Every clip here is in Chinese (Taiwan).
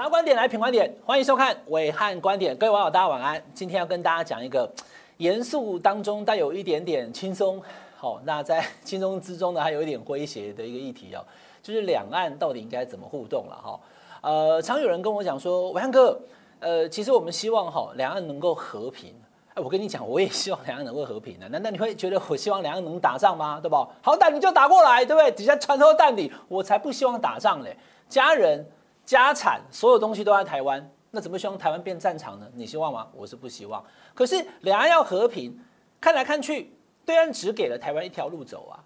拿觀點來品觀點，歡迎收看暐瀚觀點。各位網友，大家晚安。今天要跟大家講一個嚴肅當中帶有一點點輕鬆，好，那在輕鬆之中呢，還有一點詼諧的一個議題哦，就是兩岸到底應該怎麼互動了哈。呃，常有人跟我講說，暐瀚哥，呃，其實我們希望哈兩岸能夠和平。哎，我跟你講，我也希望兩岸能夠和平的。難道你會覺得我希望兩岸能打仗嗎？對不？好打你就打過來，對不對？底下穿透到你，我才不希望打仗嘞，家人。家產所有東西都在台灣，那怎麼希望台灣變戰場呢？你希望嗎？我是不希望。可是兩岸要和平，看來看去，對岸只給了台灣一條路走啊，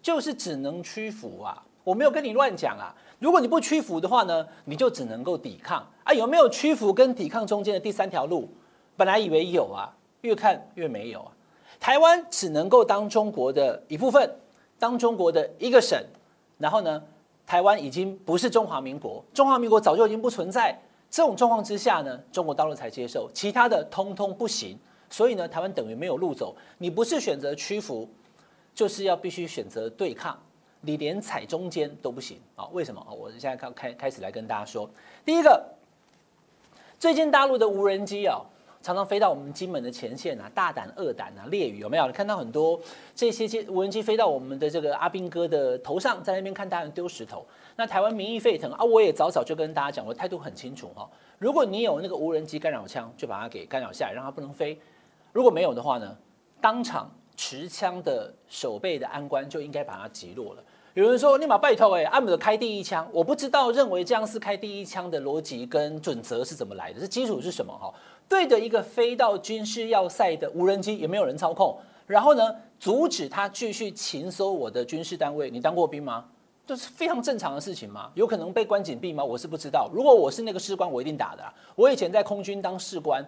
就是只能屈服啊。我沒有跟你亂講啊，如果你不屈服的話呢，你就只能夠抵抗啊。有沒有屈服跟抵抗中間的第三條路？本來以為有啊，越看越沒有啊。台灣只能夠當中國的一部分，當中國的一個省，然後呢？台灣已經不是中華民國，中華民國早就已經不存在。這種狀況之下呢，中國大陸才接受，其他的通通不行。所以呢，台灣等於沒有路走，你不是選擇屈服，就是要必須選擇對抗。你連踩中間都不行啊？為什麼？我現在開開開始來跟大家說，第一個，最近大陸的無人機啊。常常飛到我們金門的前線啊，大膽二膽啊，烈嶼有沒有？你看到很多這些機無人機飛到我們的這個阿兵哥的頭上，在那邊看大人丟石頭。那台灣民意沸騰啊！我也早早就跟大家講，我態度很清楚哈、哦。如果你有那個無人機干擾槍，就把它給干擾下來，讓它不能飛；如果沒有的話呢，當場持槍的守備的安官就應該把它擊落了。有人說立馬拜託哎，按着開第一槍。我不知道認為這樣是開第一槍的邏輯跟準則是怎麼來的？這基礎是什麼哈？對着一個飛到軍事要塞的無人機，也沒有人操控，然後呢，阻止他繼續侵收我的軍事單位。你當過兵嗎？這是非常正常的事情嗎？有可能被關禁閉嗎？我是不知道。如果我是那個士官，我一定打的。我以前在空軍當士官。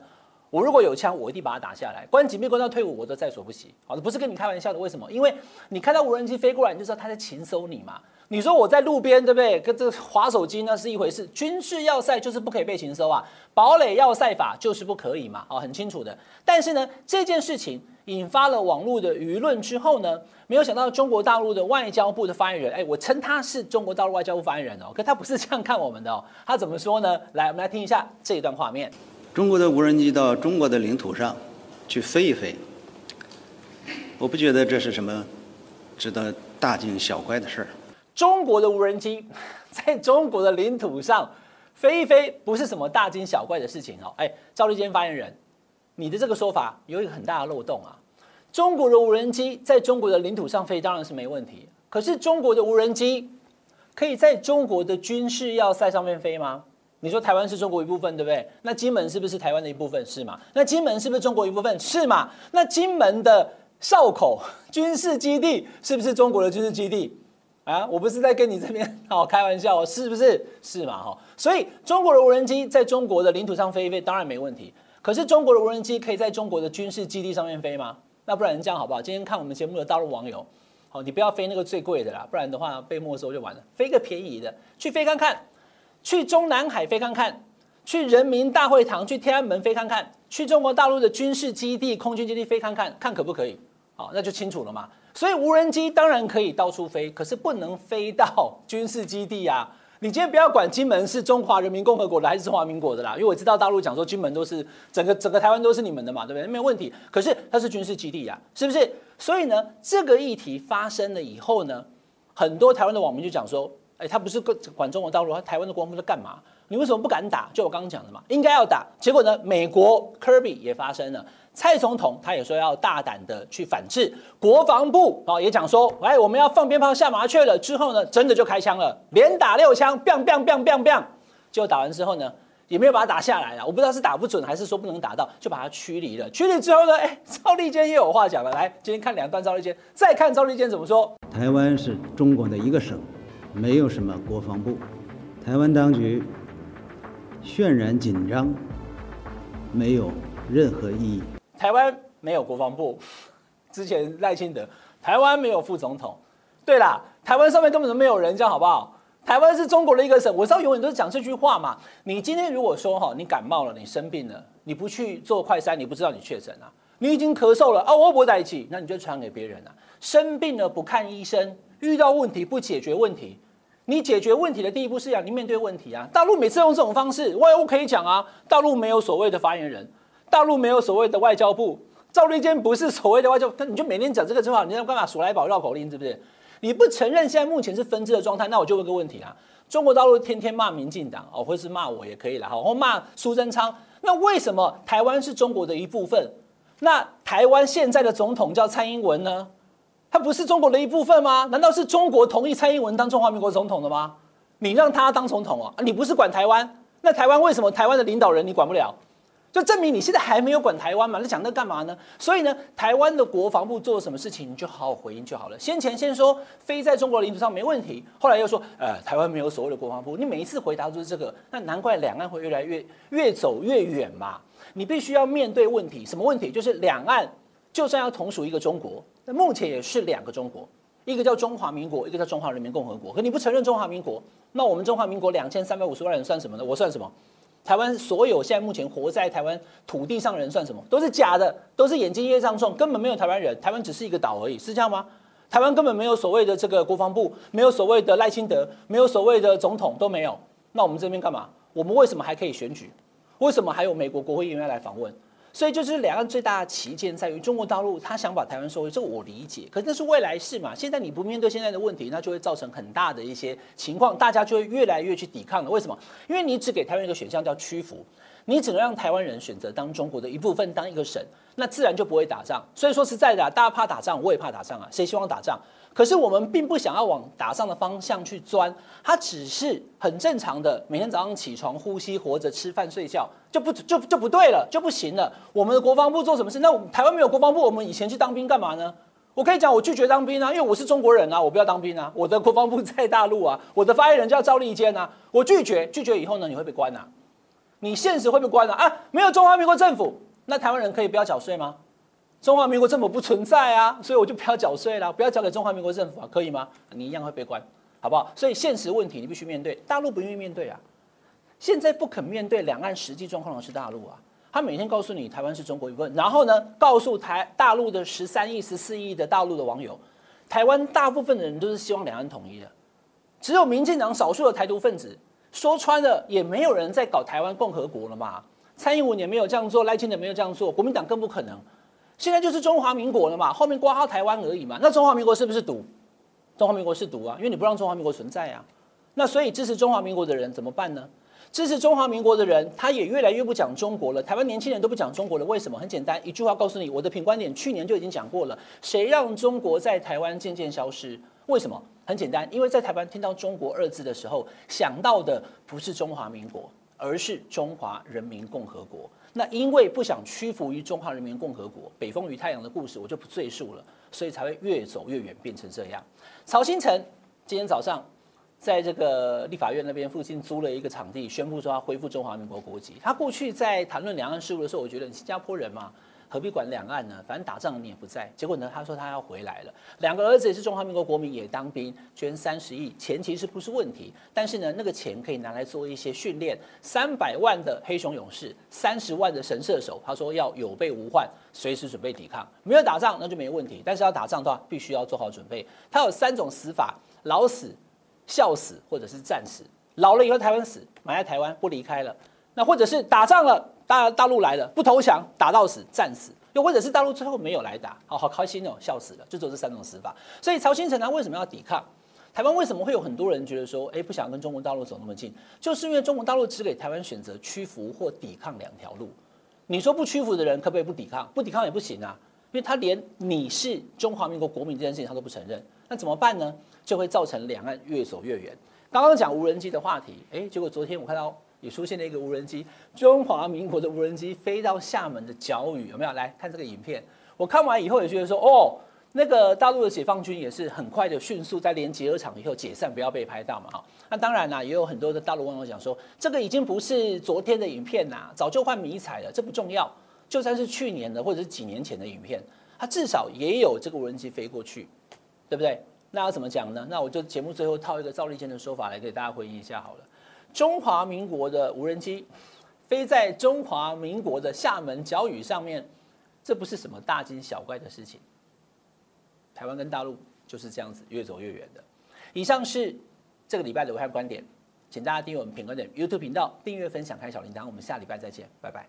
我如果有槍，我一定把它打下來。關禁閉關到退伍，我都在所不惜。好的，不是跟你開玩笑的。為什麼？因為你看到無人機飛過來，你就知道他在偵搜你嘛。你說我在路邊，對不對？跟這滑手機那是一回事。軍事要塞就是不可以被偵搜啊，堡壘要塞法就是不可以嘛。哦，很清楚的。但是呢，這件事情引發了網絡的輿論之後呢，沒有想到中國大陸的外交部的發言人，誒，我稱他是中國大陸外交部發言人哦，可他不是這樣看我們的哦。他怎麼說呢？來，我們來聽一下這一段畫面。中國的無人機到中國的領土上去飛一飛，我不覺得這是什麼值得大驚小怪的事兒。中國的無人機在中國的領土上飛一飛，不是什麼大驚小怪的事情啊、哦！哎，趙立堅發言人，你的這個說法有一個很大的漏洞啊！中國的無人機在中國的領土上飛當然是沒問題，可是中國的無人機可以在中國的軍事要塞上面飛嗎？你說台灣是中國一部分，對不對？那金門是不是台灣的一部分？是嘛？那金門是不是中國一部分？是嘛？那金門的哨口軍事基地是不是中國的軍事基地？啊，我不是在跟你這邊好開玩笑，是不是？是嘛？哈，所以中國的無人機在中國的領土上飛一飛當然沒問題，可是中國的無人機可以在中國的軍事基地上面飛嗎？那不然這樣好不好？今天看我們節目的大陸網友，好，你不要飛那個最貴的啦，不然的話被沒收就完了，飛個便宜的去飛看看。去中南海飛看看，去人民大會堂、去天安門飛看看，去中國大陸的軍事基地、空軍基地飛看看，看可不可以？好，那就清楚了嘛。所以無人機當然可以到處飛，可是不能飛到軍事基地啊。你今天不要管金門是中華人民共和國的還是中華民國的啦，因為我知道大陸講說金門都是整個整個台灣都是你們的嘛，對不對？沒問題。可是它是軍事基地呀，是不是？所以呢，這個議題發生了以後呢，很多台灣的網民就講說。哎，他不是管中國大陸，台灣的國防部在幹嘛？你為什麼不敢打？就我剛剛講的嘛，應該要打。結果呢，美國 Kirby 也發聲了，蔡總統他也說要大膽的去反制，國防部啊、哦、也講說，哎，我們要放鞭炮嚇麻雀了。之後呢，真的就開槍了，連打六槍，bang bang bang bang bang，結果打完之後呢，也沒有把它打下來了。我不知道是打不準還是說不能打到，就把它驅離了。驅離之後呢，哎，趙立堅也有話講了，來，今天看兩段趙立堅，再看趙立堅怎麼說。台灣是中國的一個省。沒有什麼國防部，台灣當局渲染緊張，沒有任何意義。台灣沒有國防部，之前賴清德，台灣沒有副總統。對啦，台灣上面根本沒有人，這樣好不好？台灣是中國的一個省，我知道永遠都是講這句話嘛。你今天如果說哈、哦，你感冒了，你生病了，你不去做快篩，你不知道你確診了，你已經咳嗽了啊、哦，我不會在一起，那你就傳給別人了。生病了不看醫生，遇到問題不解決問題，你解決問題的第一步是要你面對問題啊！大陸每次用這種方式，外務可以講啊，大陸沒有所謂的發言人，大陸沒有所謂的外交部，趙立堅不是所謂的外交，就你就每天講這個真好，你在幹嘛？數來寶繞口令是不是？你不承認現在目前是分治的狀態，那我就問個問題啊：中國大陸天天罵民進黨哦，或是罵我也可以了，然後罵蘇貞昌，那為什麼台灣是中國的一部分？那台灣現在的總統叫蔡英文呢？他不是中國的一部分嗎？難道是中國同意蔡英文當中華民國總統的嗎？你讓他當總統啊？你不是管台灣？那台灣為什麼台灣的領導人你管不了？就證明你現在還沒有管台灣嘛，你講那幹嘛呢？所以呢，台灣的國防部做什麼事情，你就好好回應就好了。先前先說飛在中國的領土上沒問題，後來又說呃，台灣沒有所謂的國防部。你每一次回答都是這個，那難怪兩岸會越來越越走越遠嘛。你必須要面對問題，什麼問題？就是兩岸就算要同屬一個中國。那目前也是兩個中國，一個叫中華民國，一個叫中華人民共和國。可你不承認中華民國，那我們中華民國兩千三百五十萬人算什麼呢？我算什麼？台灣所有現在目前活在台灣土地上的人算什麼？都是假的，都是眼睛一髒，撞根本沒有台灣人。台灣只是一個島而已，是這樣嗎？台灣根本沒有所謂的這個國防部，沒有所謂的賴清德，沒有所謂的總統，都沒有。那我們這邊幹嘛？我們為什麼還可以選舉？為什麼還有美國國會議員來訪問？所以就是兩岸最大的歧見在於中國大陸，他想把台灣收回，這個我理解。可是那是未來式嘛？現在你不面對現在的問題，那就會造成很大的一些情況，大家就會越來越去抵抗了。為什麼？因為你只給台灣一個選項，叫屈服。你只能讓台灣人選擇當中國的一部分，當一個省，那自然就不會打仗。所以說實在的，大家怕打仗，我也怕打仗啊，誰希望打仗？可是我們並不想要往打仗的方向去鑽，他只是很正常的每天早上起床、呼吸、活着、吃飯、睡覺，就不就就不對了，就不行了。我們的國防部做什麼事？那台灣沒有國防部，我們以前去當兵幹嘛呢？我可以講，我拒絕當兵啊，因為我是中國人啊，我不要當兵啊。我的國防部在大陸啊，我的發言人叫趙立堅啊，我拒絕，拒絕以後呢，你會被關啊。你現實會被關了啊，啊？沒有中華民國政府，那台灣人可以不要繳稅嗎？中華民國政府不存在啊，所以我就不要繳稅了，不要交給中華民國政府啊，可以嗎？你一樣會被關，好不好？所以現實問題你必須面對，大陸不願意面對啊。現在不肯面對兩岸實際狀況的是大陸啊，他每天告訴你台灣是中國一部分，然後呢，告訴台大陸的十三億、十四億的大陸的網友，台灣大部分的人都是希望兩岸統一的，只有民進黨少數的台獨分子。說穿了，也沒有人在搞台灣共和國了嘛。蔡英文沒有這樣做，賴清德也沒有這樣做，國民黨更不可能。現在就是中華民國了嘛，後面掛號台灣而已嘛。那中華民國是不是獨？中華民國是獨啊，因為你不讓中華民國存在啊。那所以支持中華民國的人怎麼辦呢？支持中華民國的人，他也越來越不講中國了。台灣年輕人都不講中國了，為什麼？很簡單，一句話告訴你。我的品觀點去年就已經講過了，誰讓中國在台灣漸漸消失？為什麼？很簡單，因為在台灣聽到“中國”二字的時候，想到的不是中華民國，而是中華人民共和國。那因為不想屈服於中華人民共和國，北風與太陽的故事，我就不贅述了，所以才會越走越遠，變成這樣。曹興誠今天早上在這個立法院那邊附近租了一個場地，宣布說他恢復中華民國國籍。他過去在談論兩岸事務的時候，我覺得新加坡人嘛。何必管兩岸呢？反正打仗你也不在。結果呢，他說他要回來了。兩個兒子也是中華民國國民，也當兵，捐三十億錢其實不是問題。但是呢，那個錢可以拿來做一些訓練，三百萬的黑熊勇士，三十萬的神射手。他說要有備無患，隨時準備抵抗。沒有打仗那就沒問題，但是要打仗的話，必須要做好準備。他有三種死法：老死、笑死，或者是戰死。老了以後台灣死，埋在台灣不離開了。那或者是打仗了。大大陸來了，不投降，打到死，戰死；又或者是大陸最後沒有來打，好好開心哦、喔，笑死了。就做這三種死法。所以，曹興誠他為什麼要抵抗？台灣為什麼會有很多人覺得說，誒、欸，不想跟中國大陸走那麼近，就是因為中國大陸只給台灣選擇屈服或抵抗兩條路。你說不屈服的人可不可以不抵抗？不抵抗也不行啊，因為他連你是中華民國國民這件事情他都不承認，那怎麼辦呢？就會造成兩岸越走越遠。剛剛講無人機的話題，誒、欸，結果昨天我看到。也出現了一個無人機，中華民國的無人機飛到廈門的角嶼。有沒有？來看這個影片，我看完以後也覺得說，哦，那個大陸的解放軍也是很快的、迅速在連集合場以後解散，不要被拍到嘛。哈，那當然啦、啊，也有很多的大陸網友講說，這個已經不是昨天的影片啦、啊，早就換迷彩了，這不重要。就算是去年的或者是幾年前的影片，它至少也有這個無人機飛過去，對不對？那要怎麼講呢？那我就節目最後套一個趙立堅的說法來給大家回應一下好了。中華民國的無人機飛在中華民國的廈門角嶼上面，這不是什麼大驚小怪的事情。台灣跟大陸就是這樣子越走越遠的。以上是這個禮拜的暐瀚觀點，請大家訂閱我們品觀點 YouTube 頻道，訂閱、分享、開小鈴鐺。我們下禮拜再見，拜拜。